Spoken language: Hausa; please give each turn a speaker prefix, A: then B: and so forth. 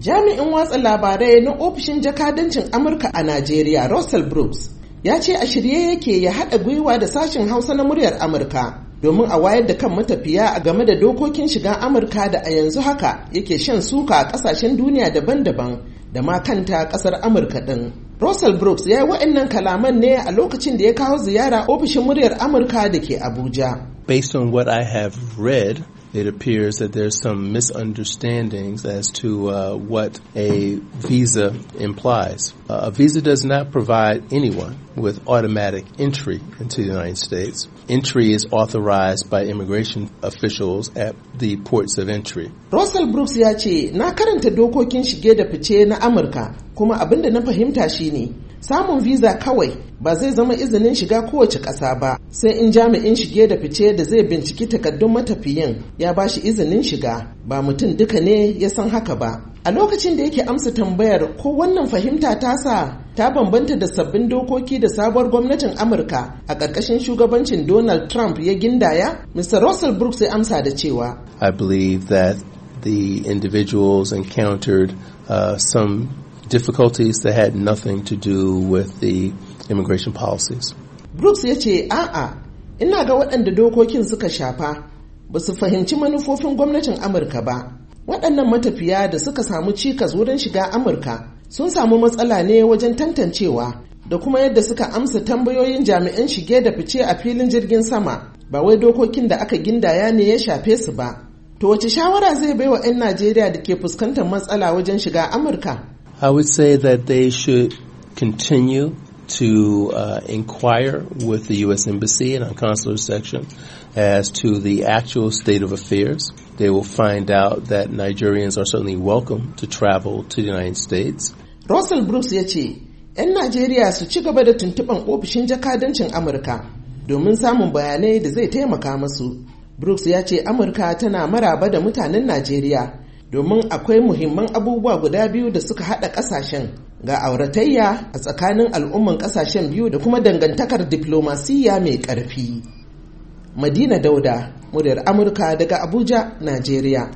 A: Jami'in watsa labarai na ofishin jakadancin Amurka a Najeriya Russell Brooks ya ce a shirye yake ya haɗa gwiwa da sashen Hausa na muryar Amurka domin a wayar da kan matafiya a game da dokokin shiga Amurka da a yanzu haka yake shan suka a ƙasashen duniya daban-daban da ma kanta ƙasar Amurka ɗin. Russell Brooks ya yi wa'annan kalaman ne a lokacin da ya kawo ziyara ofishin muryar Amurka da ke Abuja.
B: Based on what I have read, it appears that there's some misunderstandings as to uh, what a visa implies. Uh, a visa does not provide anyone with automatic entry into the United States. Entry is authorized by immigration officials at the ports of entry.
A: Russell Brooks ya ce, na karanta dokokin shige da fice na Amurka, kuma na fahimta shine samun visa kawai ba zai zama izinin shiga kowace ƙasa ba sai in jami'in shige da fice da zai binciki takaddun matafiyin ya ba shi izinin shiga ba mutum duka ne ya san haka ba a lokacin da yake amsa tambayar ko wannan fahimta ta sa, ta bambanta da sabbin dokoki da sabuwar gwamnatin amurka a ƙarƙashin shugabancin donald trump ya gindaya mr russell brooks ya amsa da cewa
B: i believe that the individuals encountered uh, some difficulties that had nothing to do with the immigration policies.
A: Brooks ya ce, A'a, ina ga waɗanda dokokin suka shafa ba su fahimci manufofin gwamnatin Amurka ba. Waɗannan matafiya da suka samu cikas wurin shiga Amurka sun samu matsala ne wajen tantancewa da kuma yadda suka amsa tambayoyin jami'an shige da fice a filin jirgin sama ba wai dokokin da aka gindaya ne ya shafe su ba. To wace shawara zai baiwa 'yan Najeriya da ke fuskantar matsala wajen shiga Amurka?
B: I would say that they should continue to uh, inquire with the U.S. Embassy and our consular section as to the actual state of affairs. They will find out that Nigerians are certainly welcome to travel to the United States.
A: Russell Brooks ya ce, ‘yan Najeriya su ci gaba da tuntuɓan ofishin jakadancin Amurka domin samun bayanai da zai taimaka masu. Brooks ya ce Amurka tana maraba da mutanen Najeriya domin akwai muhimman abubuwa guda biyu da suka haɗa ƙasashen ga auratayya a tsakanin al'umman ƙasashen biyu da kuma dangantakar diplomasiya mai ƙarfi. Madina Dauda, muryar Amurka daga Abuja, Najeriya.